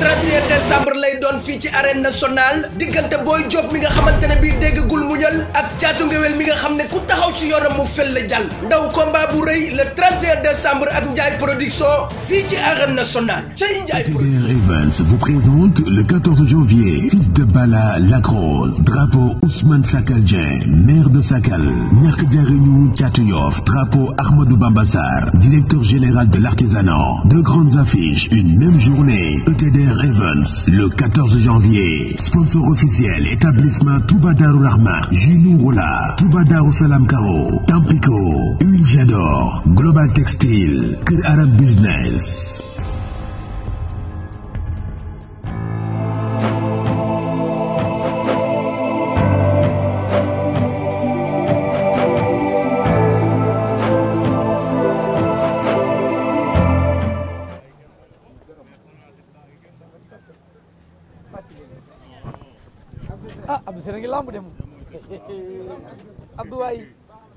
31 décembre lay doon fii ci arène nationale diggante Boy Diop mi nga xamante ne bii déggagul muñal ak caatu ngewel mi nga xam ne ku taxaw ci yoonam mu fel la jàll ndaw combat bu rëy le décembre ak Ndiaye production fii ci arène nationale cay Ndiaye production TDR Events vous présente le janvier fils de Bala Lacrosse drapeau Ousmane Sakal Dieng maire de Sakal ñàkk jariñu caatu drapeau Ahmadou Bamba directeur général de l'artisanat deux grandes Diamonds le 14 janvier sponsor officiel établissement Touba Darou Rahma Jinourula Touba Darou Salam Karo Tampico Huile Global Textile Kër Arab Business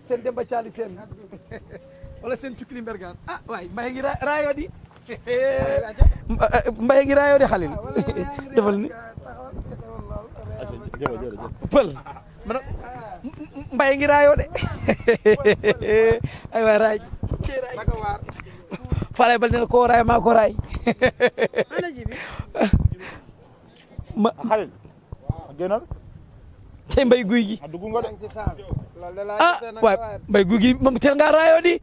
seen Demba Thiali seen wala seen Cukli ah, ngi raayoo di Mbaye ngi raayoo di Xalil ah, defal ni pël ma ngi raayoo de ay waay raay Falay Bal ne ko raay maa ko raay ma ah, Xalil génnal mbay guy gi ah waay mbay gu gi moom teel ngaa raayoo di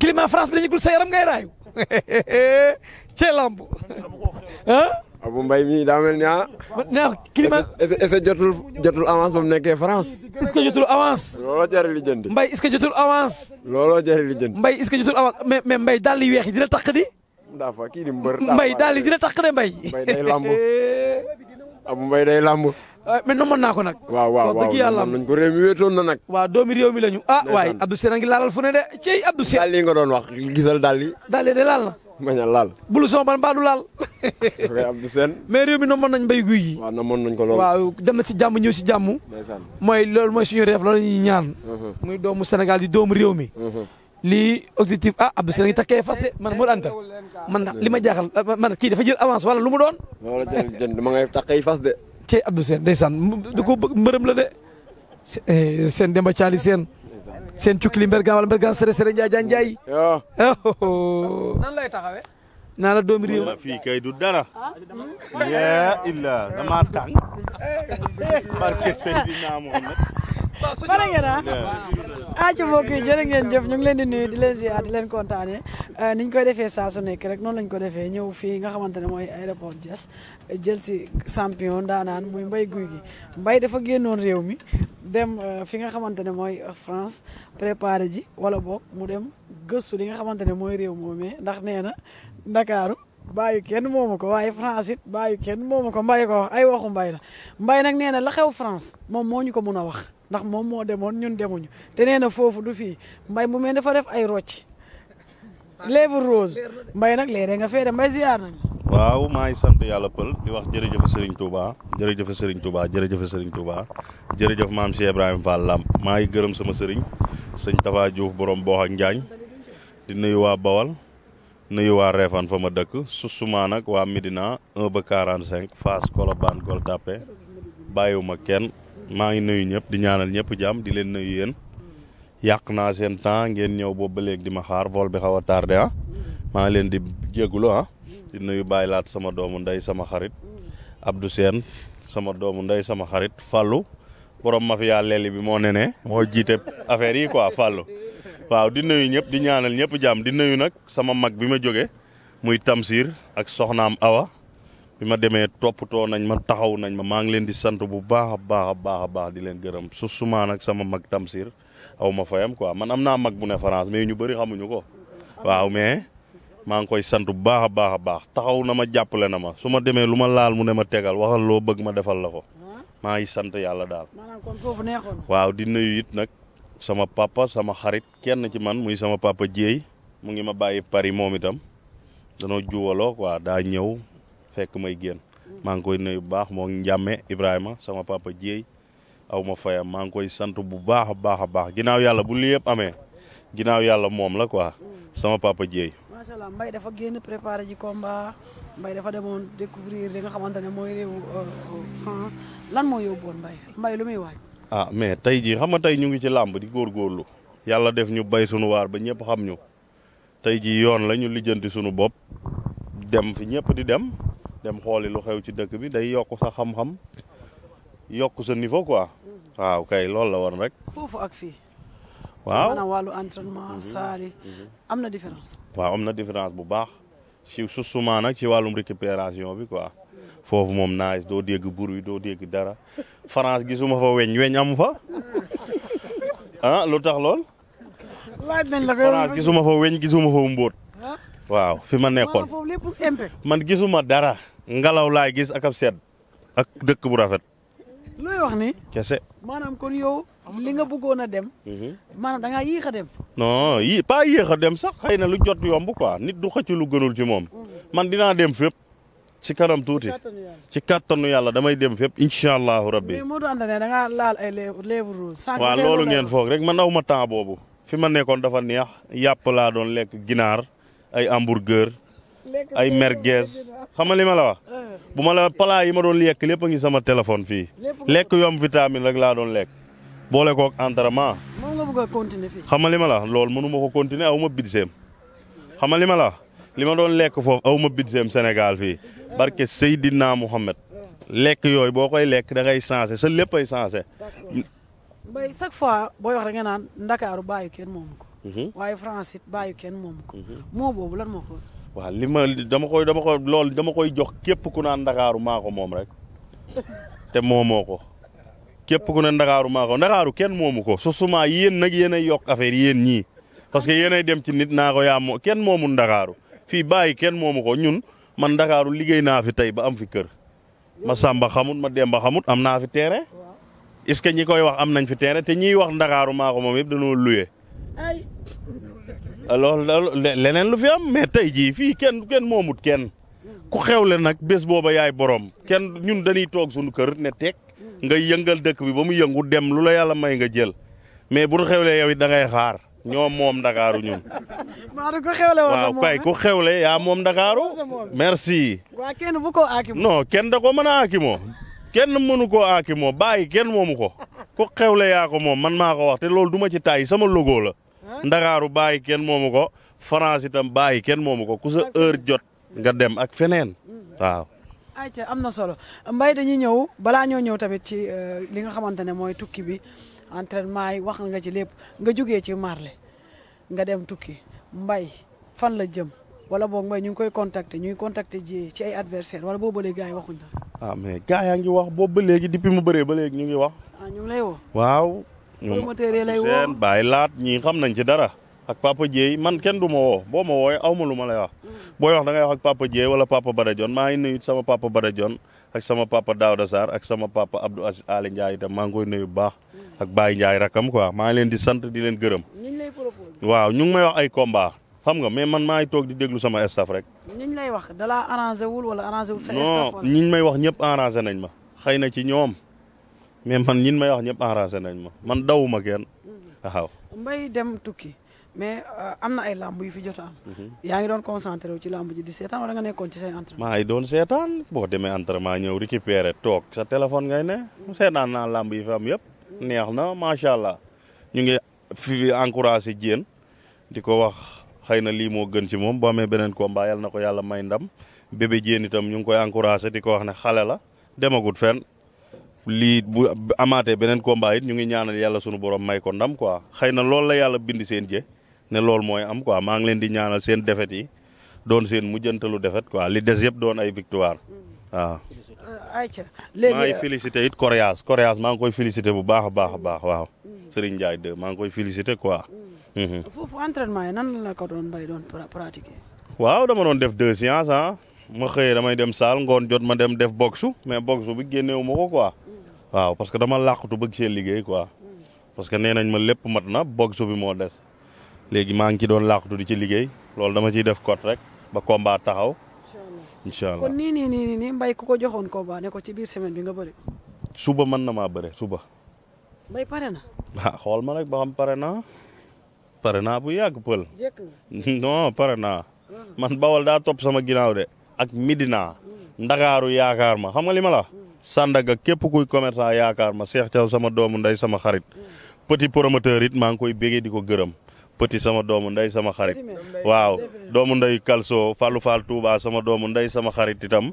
climat France bi la ñu gul sa yaram ngay raayu cee lamb ah? abu mbay mi daa mel ni ah. non climat est ce que jotul jotul avance ba nekkee France. est jotul avance. looloo jar li jënd. mbay est jotul avance. looloo jar li jënd. mbay mbay daal li weex yi dina tax di. daa fa kii di mbër. mbay daal li dina tax de mbay. abu mbay day lamb. Eh, mais nommoon naa ko nag. waaw waaw waaw dëgg yàlla ko réew mi wéetoon na nag. waaw doomi réew mi la ñu ah waaye Abdou Seye a ngi laalal fu ne de cey Abdou Seye. daal lii nga doon wax gisal daal yi. daal de laal na. ma ñaan laal. bulu ban baa du laal. Abdou réew mi nommoon nañ mbéy guy yi. waaw nommoon nañ ko lool. waaw dem na si jàmm ñëw si jàmm. mooy loolu mooy suñu réef loolu la ñaan. Uh-huh. muy doomu Sénégal di doomu réew mi. Uh-huh. lii objectif ah Abdou Seye ngi takkee fas de man Modou Anta man li ma jaaxal man kii dafa jël avance wala lu mu doon. loolu jënd ma fas de ci Abdou Seen ndeysaan da ko mbërëm la de seen eh, Demba Caali seen seen cukkili mbergaan wala mbergaan sere sere njaay njaay lay taxawee naa la doomi réew dara ah, ah, pare ngeen ah ah ci mbokk ngeen jëf ñu leen di nuyu di leen ziar di leen kontaane ni ñu koy defee saa su nekk rek noonu lañ ko defee ñëw fii nga xamante ne mooy aéroport Diass jël si champion daanaan muy mbay guy gi mbay dafa génnoon réew mi dem fi nga xamante ne mooy France préparé ji wala boog mu dem gëstu li nga xamante ne mooy réew moomee ndax nee na Ndakaaru bàyyi kenn moomu ko waaye France it bàyyi kenn moomu ko Mbaye ko wax ay waxu Mbaye la mbay nag nee na la xew France moom moo ñu ko mun a wax ndax moom moo demoon ñun demuñu te nee na foofu du fii mbay mu mel dafa def ay rocc lèvre rose mbay nag léeg nga fee de mbay ziar nañ waaw maa ngi sant yàlla pël di wax jërëjëf sëriñ Touba jërëjëf Serigne Touba jërëjëf Serigne Touba jërëjëf maam si Ibrahima Fall Lamp maa ngi gërëm sama sëriñ sëñ Tafa Diouf borom boox ak Njaañ di nuyu waa Bawal nuyu waa Réfane fa ma dëkk susuma nag waa midina 1 ba 45 Fass Colobane Gueule Tapée ma kenn. maa ngi nuyu ñëpp di ñaanal ñëpp jàmm di leen nuyu yéen yàq naa seen temps ngeen ñëw boobu ba léegi di ma xaar vol bi xaw a tardé ah maa leen di jégalu ah di nuyu bàyyi laat sama doomu ndey sama xarit Abdou seen sama doomu ndey sama xarit Fallou borom mafia leli bi moo ne ne moo jiite affaire yi quoi Fallou waaw di nuyu ñëpp di ñaanal ñëpp jàmm di nuyu nag sama mag bi ma jóge muy Tamsir ak soxnaam Awa bi ma demee toppatoo nañ ma taxaw nañ ma maa ngi leen di sant bu baax a baax a baax a baax di leen gërëm su suma nag sama mag Tamsir aw ma fayam quoi man am naa mag bu ne France mais ñu bëri xamuñu ko waaw mais maa ngi koy sant bu baax a baax a baax taxaw na ma jàppale na ma su ma demee lu ma laal mu ne ma tegal waxal loo bëgg ma defal la ko maa ngi sant yàlla daal. waaw di nuyu it nag sama pappa sama xarit kenn ci man muy sama pappa Dieye mu ngi ma bàyyi Paris moom itam danoo juwaloo quoi daa ñëw. fekk may génn maa ngi koy nuyu bu baax moo njàmme Ibrahima sama papa Dieye aw ma fayam maa ngi koy sant bu baax a baax a baax ginnaaw yàlla bu lii yëpp amee ginnaaw yàlla moom la quoi sama papa Dieye. macha allah dafa génn préparé ji combat Mbaye dafa demoon découvrir li nga xamante ne mooy réewu euh, France lan moo yóbbuwoon Mbaye Mbaye lu muy waaj. ah mais tey jii xam nga tey ñu ngi ci làmb di góorgóorlu yàlla def ñu bay sunu waar ba ñëpp xam ñu tey jii yoon la ñu lijjanti sunu bopp dem fi ñëpp di dem. dem xooli lu xew ci dëkk bi day yokk sa xam-xam yokk sa niveau quoi waaw kay loolu la woon rek. foofu ak fii. waaw wàllu entraînement mhm. Mhm. am na différence. waaw am na différence bu baax si susuma nag ci wàllum récupération bi quoi foofu moom naa doo dégg bruit doo dégg dara France gisuma fa weñ weñ amu fa ah lu tax lool. France gisuma fa weñ gisuma fa mbóot. Ah. waaw fi ma nekkoon man gisuma dara. ngelaw laay gis ak ab sedd ak dëkk bu rafet. looy wax ni. kese. maanaam kon yow li nga bëggoon a dem. Mhm. maanaam da yéex a dem. non yii pas yéex a dem sax xëy na lu jot yomb ko nit du xëcc lu gënul ci moom. Mhm. man dinaa dem fépp. ci kanam tuuti ci kattanu yàlla damay dem fépp incha allahu rabbi. mais Modou Anta ne da ngaa laal ay lèvres loolu ngeen foog rek man aw ma temps boobu. fi ma nekkoon dafa neex yàpp laa doon lekk ginaar ay hamburger ay merguez xam nga li ma la wax eh. bu ma la palaa yi ma doon lekk lépp a ngi sama téléphone fii lekk yom vitamine rek laa doon lekk boole kook entraînement xam nga li ma la wax loolu mënu ma ko continuer aw ma budget xam nga li ma la wax li ma doon lekk foofu aw ma budget Sénégal fii barke Seydina Mohamed lekk yooyu boo koy lekk da ngay changé sa lépp ay changé mbay fois booy wax nga naan ndakaaru bàyyi kenn moomu kenn moomu ko mhm. mhm. moo waaw li ma dama koy dama koy loolu dama koy jox képp ku naan ndakaaru maa ko moom rek te moomoo ko képp ku ne ndakaaru maa ko ndakaaru kenn moomu ko su suma yéen nag yéen ay yokk affaire yéen ñii parce que yéen dem ci nit naa ko yaa moo kenn moomu ndakaaru fii bàyyi kenn moomu ko ñun man ndakaaru liggéey naa fi tey ba am fi kër ma samba xamut ma demba xamut am naa fi terrain est-ce que ñi koy wax am nañ fi terrain te ñiy wax ndakaaru maa ko moom yëpp dañoo luye alors leneen lu fi am tey jii fii kenn kenn moomut kenn ku xewle nag bés booba yaay borom kenn ñun dañuy toog suñu kër ne teg nga yëngal dëkk bi ba mu yëngu dem lu la yàlla may nga jël mais bu ñu xewlee yow it da ngay xaar ñoom moom Ndakaaru ñun. maanaam ah. ku xewle woo waaw yaa moom Ndakaaru. merci. waa kenn bu ko aakimoo. non kenn da ko mën a aakimoo kenn mënu koo aakimoo bàyyi kenn moomu ko ku xewle yaa ko moom man maa ko wax te loolu du ma ci taay sama logo la. ndakaaru bàyyi kenn moomu ko France itam bàyyi kenn moomu ko ku sa heure jot nga dem ak feneen waaw. ayca am na solo mbay dañuy ñëw balaa ñoo ñëw tamit ci euh, li nga xamante ne mooy tukki bi entraînement yi wax nga ci lépp nga jugee ci Marley nga dem tukki mbay fan la jëm wala boo Mbaye ñu ngi koy contacter ñu ngi ji ci ay adversaire wala boobu ba léegi gars yi waxuñ la. ah mais gars yaa ngi wax boobu ba léegi depuis mu bëree ba léegi ñu ngi wax. ah waaw ñoom seen bàyyi laat ñii xam nañ ci dara ak papa Dieye man kenn du ma woo boo ma wooyee aw ma lu ma lay wax booy wax da ngay wax ak papa Dieye wala papa Badajon maa ngi nuyu sama papa Badajon ak sama papa Daouda Sarr ak sama papa Abdou Aziz ale Ndiaye itam maa ngi koy bu baax ak Baye Ndiaye rakam quoi maa ngi leen di sant di leen gërëm waaw ñu ngi may wax ay combat xam nga mais man maa ngi toog di déglu sama staff rek. ñiñ lay wax da laa arrangé wul wala arrangé wul sa staff non ñiñ may wax ñëpp arrangé nañ ma xëy na ci ñoom mais man ñin may wax ñëpp enragé nañ ma man dawuma kenn waaw. mbay dem tukki mais euh, am na ay làmb yu fi jot am. Mhm. yaa ngi doon concentré wu ci làmb ji di seetaan wala nga nekkoon ci say entraînement. maa ngi doon seetaan boo demee entraînement ñëw récupéré toog sa téléphone ngay ne seetaan naa làmb yi fi am yëpp neex na macha allah ñu ngi fi encouragé Diène di ko wax xëy na lii moo gën ci moom boo amee beneen combat yal na ko yàlla may ndam bébé Diène itam ñu ngi koy encouragé di ko wax ne xale la lii bu amaatee beneen combat it ñu ngi ñaanal yàlla sunu borom may ko ndam quoi xëy na loolu la yàlla bind seen jë ne loolu mooy am quoi maa ngi leen di ñaanal seen defet yi doon seen mujjantalu defet quoi li des yëpp doon ay victoire waaw. Euh, ayca léegi maa euh, félicité it Coriace Coriace maa ngi koy félicité bu baax a baax a baax waaw. Serigne Ndiaye 2 maa ngi koy félicité quoi. Mhm. foofu entraînement yi nan la ko doon waaw dama doon def deux séances ah ma xëyee damay dem saal ngoon jot ma dem def boxu mais boxu bi génneewu ma ko quoi. waaw parce que dama làqutu bëgg see liggéey quoi parce que nee nañ ma lépp mat na boxe bi moo des léegi maa ngi ci doon làqutu di ci liggéey loolu dama ciy def cote rek ba combat taxaw. incha allah kon nii nii nii nii ko joxoon combat ne ko ci biir semaine bi nga bëri. suba mën na maa bëre suba. mbay pare na. waaw ah, xool ma rek ba xam pare na pare naa bu yàgg pël. non pare na ah. man bawal daa topp sama ginnaaw de. ak Midina. Mm. Ndakaaru yaakaar ma xam nga li ma la. Sandaga képp kuy commerçant yaakaar ma Cheikh Thiaw sama doomu nday sama xarit petit promoteur it maa ngi koy bégee di ko gërëm petit sama doomu nday sama xarit waaw doomu ndey Kalso Fallou Fall tuuba sama doomu ndey sama xarit itam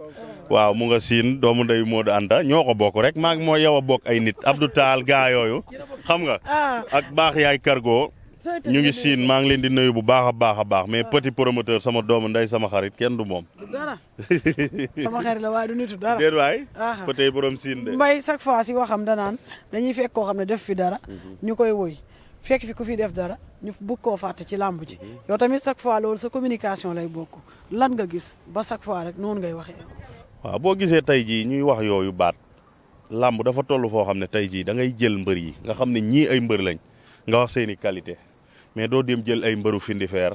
waaw mu nga siin doomu ndey Modou Anta ñoo bok rek maa ngi moo yow a ay nit Abdou Tall gaa yooyu xam nga ah. ak baax yaay cargo ñu ngi siin maa ngi leen di nuyu bu baax a baax a baax mais ah. petit promoteur sama doom nday sama xarit kenn du moom. dara sama xarit la waaye du nitu dara. déet waay ah. petit borom siin de. mbay chaque fois si waxam danaan dañuy fekk koo xam ne def fi dara. Mhm. ñu koy woy fekk fi ku fi def dara ñu bëgg koo fàtte ci làmb ji. Mhm. yow tamit chaque fois loolu sa communication lay bokk lan nga gis ba chaque fois rek noonu ngay waxee. waaw boo gisee tey jii ñuy wax yooyu baat làmb dafa toll foo xam ne tey jii da ngay jël mbër yi nga xam ne ñii ay mbër lañ nga wax seeni qualité. mais doo dém jël ay mbëru Findifeer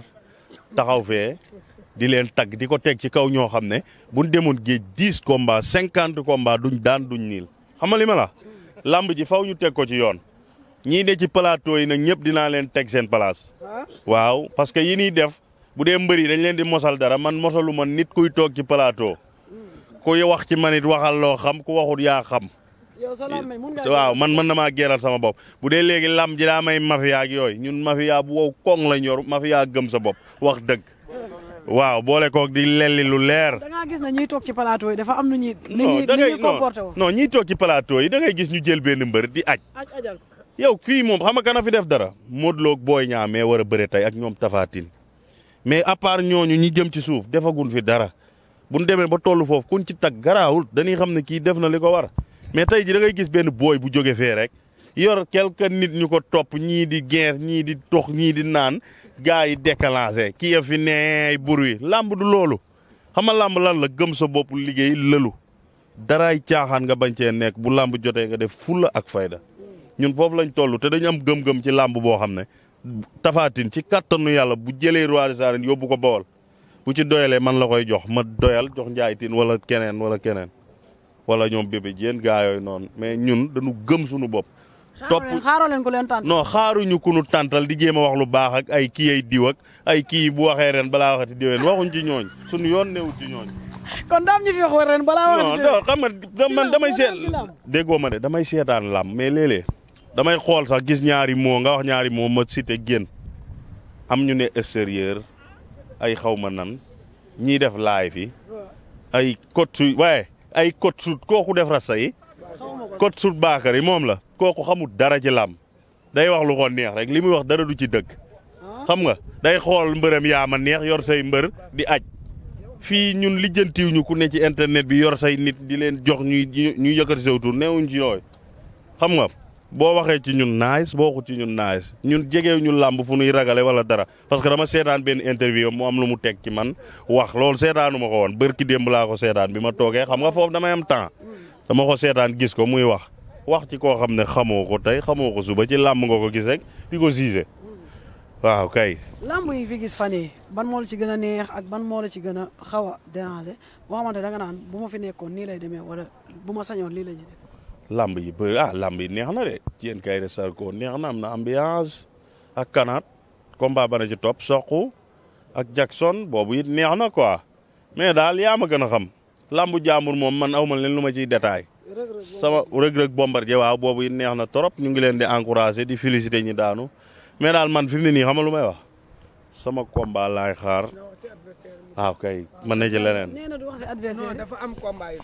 taxaw fee di leen tagg di ko teg ci kaw ñoo xam ne buñ demoon géej dix combats cinquante combats duñ daan duñ niil xam nga li ma la làmb ji faw ñu teg ko ci yoon ñii de ci plateau yi nag ñëpp dinaa leen teg seen place ah. waaw parce que yi ñuy def bu dee mbër yi dañ leen di mosal dara man mosalu ma nit kuy toog ci palaatoo mm. ku wax ci man it waxal loo xam ku waxut yaa xam waaw man mën na maa geenal sama bopp bu dee léegi lam ji daa may mafia ak yooyu ñun mafia bu wow koŋ la ñor mafia gëm sa bopp wax dëgg waaw boole koog di lelli lu leer. da ngaa gis toog ci plateau yi dafa am nu ñuy. non da ngay non ñiy ci plateau yi da ngay gis ñu jël benn mbër di aj yow fii moom xam nga kana fi def dara Modou Lo ak Boy mais war a bëre tey ak ñoom Tapha Tine mais à part ñooñu ñu jëm ci suuf defagun fi dara bu ñu demee ba tollu foofu kuñ ci tag garaawul dañuy xam ne kii def na li ko war mais tey ji da ngay gis benn booy bu jóge fee rek yor quelque nit ñu ko topp ñii di geer ñii di tox ñii di naan gars yi déclenché kii a fi neey bruit làmb du loolu xam làmb lan la gëm sa bopp liggéey lëlu daraay caaxaan nga bañ cee nekk bu làmb jotee nga def fulla ak fayda ñun foofu lañ toll te dañu am gëm-gëm ci làmb boo xam ne tafaatin ci kàttanu yàlla bu jëlee roi des yóbbu ko bawal bu ci doyalee man la koy jox ma doyal jox njaay tin wala keneen wala keneen wala ñoom bébé jéen gaa yooyu noonu mais ñun dañu gëm suñu bopp. topp xaaroo leen ko leen tàntal xaaruñu ku nu tàntal di jéem a wax lu baax ak ay kii ay diw ak ay kii bu waxee ren balaa waxati diween waxuñ ci ñooñ suñu yoon newul ci ñooñ. kon ñu fi wax ren balaa waxati diween non xam nga man damay seet déggoo ma de damay seetaan lam mais léeg damay xool sax gis ñaari moo nga wax ñaari moo ma cité génn am ñu ne extérieur ay xaw ma nan ñiy def laay yi ay cote waaye. ay code sut kooku def rasta yi code sut baakar moom la kooku xamul dara ci làmb day wax lu ko neex rek li muy wax dara du ci dëgg xam nga day xool mbërëm yaa ma neex yor say mbër di aj fii ñun lijjantiw ñu ku ne ci internet bi yor say nit di leen jox ñuy ñuy yëkkati sewtu neewuñ ci yooyu xam nga boo waxee ci ñun nice boo waxut ci ñun nice ñun jegeew ñu làmb fu nuy ragale wala dara parce que dama seetaan benn interview mu am lu mu teg ci man wax loolu seetaanu ma ko woon bërki démb laa ko seetaan bi ma toogee xam nga foofu dama am temps dama ko seetaan gis ko muy wax wax ci koo xam ne xamoo ko tey xamoo ko suba ci làmb nga ko gis rek di siise waaw kay. làmb yi fi gis fan yi ban moo la ci gën a neex ak ban moo la ci gën a xaw a déranger boo xamante da nga naan bu ma fi nekkoon nii lay demee wala bu ma sañoon lii la lamb yi bëri ah lamb yi neex na de Diène Kairé Sarko neex na am na ambiance ak kanaat combat ba na ci topp soqu ak Jackson boobu it neex na quoi mais daal yaa ma gën a xam lambu jàmbur moom man awma leen lu ma ciy détail sama rëg-rëg bombardier waaw boobu it neex na trop ñu ngi leen di encouragé di félicité ñi daanu mais daal man fi mu ne nii xamal lu may wax sama combat laay xaar waaw kay man ne leneen. na du wax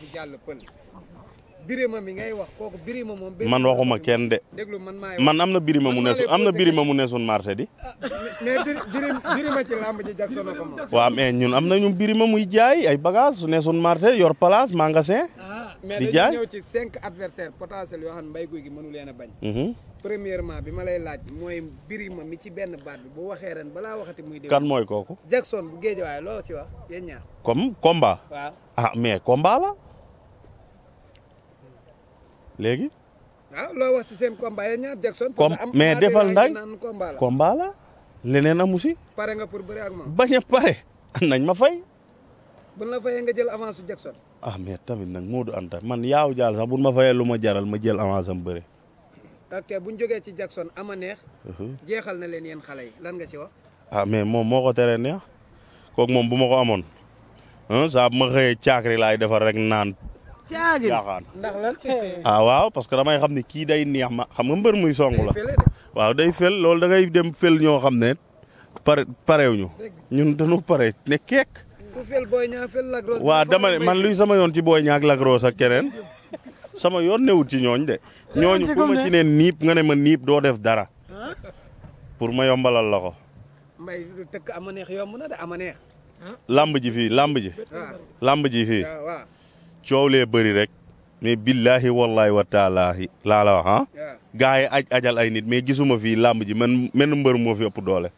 si birima mi ngay wax kooku birima moom. man waxuma kenn de. man maay wax man am na birima mu neesu am na birima mu neesoon marché di. Ah, mais birima ci làmb ji Jackson ko mais ñun am nañu birima muy jaay ay bagage su neesoon marché yor place magasin. Ah, di jaay mais dañu ñëw ci cinq adversaires potentiels yoo xam ne mbay guy leen a bañ. Mhm. premièrement bi ma lay laaj mooy birima mi ci benn baat bi bu waxee ren balaa waxati muy. kan mooy kooku. Jackson bu géej waaye loo ci wax yéen ñaar. comme combat. ah mais combat la. léegi. ah loo wax ci seen combat yi ñaar Jackson. parce que am mais defal ndag combat la leneen amu si. pare nga pour bëri ak moom. bañ a nañ ma fay. bu la fayee nga jël avance su Jackson. ah mais tamit nag Modou Anta man yaaw jaal sax ma fayee lu ma jaral ma jël avance am bëre. ok bu ñu jógee ci Jackson a neex. Uh-huh. jeexal na leen yéen xale yi lan nga ci wax. ah mais moom moo ko teree neex kooku moom bu ma ko amoon saa bu ma xëyee caakri laay defar rek naan caaxaan a ah, waaw parce que damay xam ne kii day neex ma xam nga mbër muy song la waaw day fel lool da ngay dem fel ñoo xam ne pare parewuñu ñun dañu pare ne keek waa dama man luy sama yoon ci booy ñaak lagros ak keneen sama yoon newut ci ñooñ de ñooñu ku ma ci ne niip nga ne ma niip doo def dara pour ma yombalal la ko neex yomb na lamb ji fii lamb ji lamb ji fii coow lee bëri rek mais billaahi wallaahi wa taalaahi laa la wax ah. yi aj ajal ay nit mais gisuma fii làmb ji man man mbër moo fi ëpp doole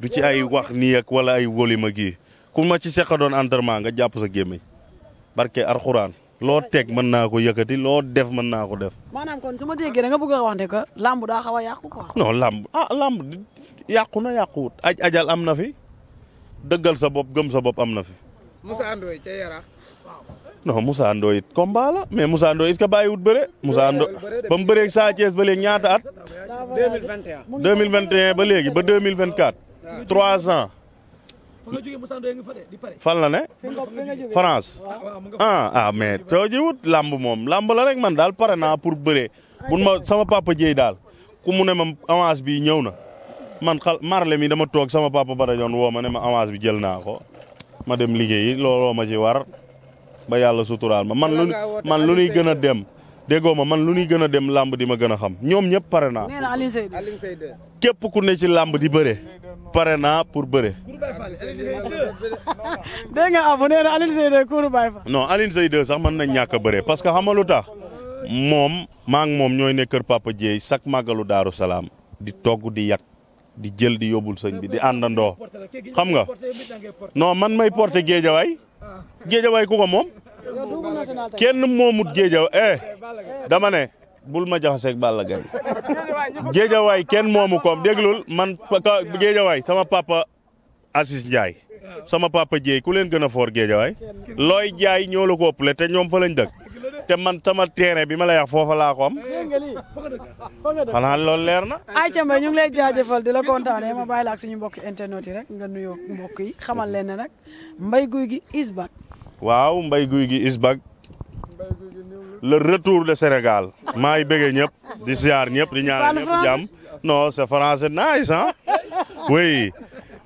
du ci ay wax nii ak wala ay wolima gii ku ma ci seqa doon maa nga jàpp sa gémmiñ barke alxuraan loo teg mën naa ko yëkkati loo def mën naa ko def. maanaam kon su ma déggee làmb daa xaw a yàqu quoi. non làmb ah, làmb yàqu na yàquwut aj ajal am na fi dëggal sa bopp gëm sa bopp am na fi. non Moussa Ndoye it combat la mais Moussa Ndoye it ka bàyyiwut bëre. Moussa Ndoye ba mu bëree Sa Thiès ba léegi ñaata at. 2021 2021 ba léegi ba 2024. 3 ans. fan la ne. France ah, ah ah mais soo jiwut làmb moom làmb la rek man daal pare naa pour bëre bun ma sama papa Dieye daal ku mu ne ma avance bi ñëw na man xal marle mi dama toog sama papa ba doon woo ma ne ma avance bi jël naa ko ma dem liggéeyi looloo ma ci war. ba yàlla suturaal ma man lu man lu gën a dem déggoo ma man lu ñuy gën a dem làmb di ma gën a xam ñoom ñëpp pare naa. képp ku ne ci làmb di bëre pare naa pour bëre. dégg nga abu nee na Alioune kuuru Baye Fall. non Alioune Seye sax mën nañ ñàkk a bëre parce que xam nga tax moom maa moom ñooy ne kër Papa Dieye chaque màggalu Daaru Salaam di togg di yàq di jël di yóbbul sëñ bi di àndandoo xam nga non man may porté géejawaay ah. géejawaay ku ko moom. kenn moomut géejaw eh dama ne bul ma jaxaseeg Balla Gaye géejawaay kenn moomu koom déglul man géejawaay sama papa Assis Ndiaye sama papa Dieye ku leen gën a foor géejawaay looy jaay ñoo la ko te ñoom fa lañ dëkk te man tama terrain bi ma lay wax foofa laa ko am loolu leer na. ayca mbay ñu ngi lay jaajëfal di la kontaanee ma bàyyi la ak suñu mbokk internet yi rek nga nuyoo mbokk yi xamal leen ne nag mbay guy gi is waaw mbay Gouy Gui is back le retour de Sénégal maa ngi bëggee ñëpp di siyaar ñëpp di ñaanal ñëpp jàmm non c'est français nice ah oui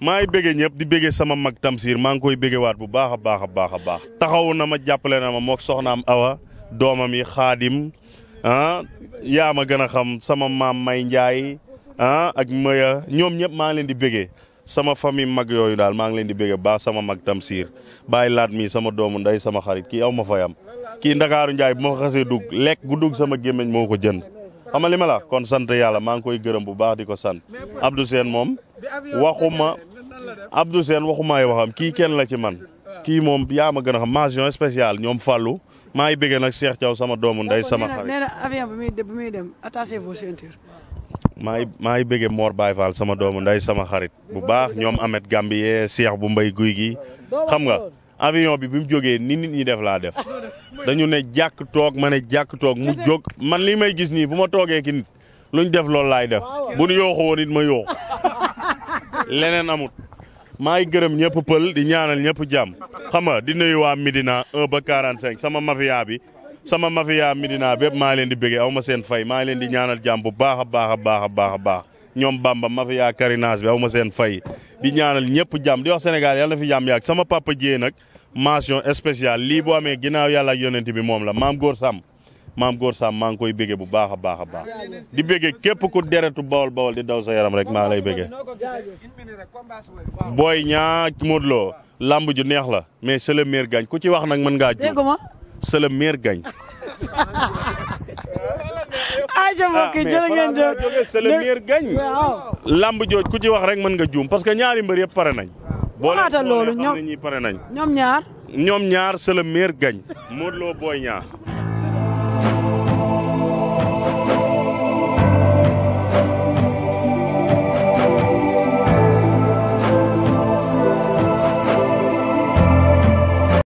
maa ngi bëggee ñëpp di bëggee sama mag Tamsir maa ngi koy bëggee waat bu baax a baax a baax a baax taxaw na ma jàppale na ma mook soxnaam Awa doomam yi Xaadim ah yaa ma gën a xam sama maam May Njaay ah ak Maya ñoom ñëpp maa leen di bëggee sama famille mag yooyu daal maa ngi leen di bëgg baax sama mag Tamsir bàyyi laat mi sama doomu nday sama xarit kii aw ma am kii Ndakaaru Njaay bu ma xasee dugg lekk gu dugg sama gémmiñ moo ko jënd xam li ma la kon sant yàlla maa ngi koy gërëm bu baax di ko sant Abdou Sène moom waxuma Abdou Sène waxumaay waxam kii kenn la ci man kii moom yaa ma gën a xam mention spéciale ñoom Fallou maa ngi bëgg nag Cheikh Thiaw sama doomu nday sama xarit maa ngi maa ngi bëggee Mor Baye Fall sama doomu nday sama xarit bu baax ñoom Ahmed Gambie Cheikh bu mbay guy gi xam nga avion bi bi mu jógee ni nit ñi def laa def dañu ne jàkk toog ma ne jàkk toog mu jóg man lii may gis nii bu ma toogee ki nit luñ def loolu laay def bu nu yooxu woon it ma yooxu leneen amut maa ngi gërëm ñëpp pël di ñaanal ñëpp jàmm xam nga di waa Midina 1 ba 45 sama mafia bi sama mafia midinaa bépp maa leen di bëggee aw ma seen fay maa leen di ñaanal jàmm bu baax a baax a baax a baax a baax ñoom Bamba mafia Carinage bi aw ma seen fay di ñaanal ñëpp jàm di wax Sénégal yàlla na fi jàmm yàgg sama papa jiyee nag mention spéciale lii boo amee ginnaaw yàlla ak bi moom la maam Góor Sàmm maam Góor Sàmm maa ngi koy béggee bu baax a baax a baax di béggee képp ku deretu bawol bawol di daw sa yaram rek maa lay béggee booy ñaa Modou Lo lamb ju neex la mais c'est le meilleur gagne ku wax nag mën ngaa c'est le meilleur gagne. ah je ah, mbokk jërë ngeen jëf c'est le meilleur gagne. lamb jooj ku ci wax rek mën nga juum parce que ñaari mbër yëpp pare nañ. waxaata loolu ñoom ñoom ñaar. ñoom ñaar c'est le meilleur gagne Modou Lo Boy Niang.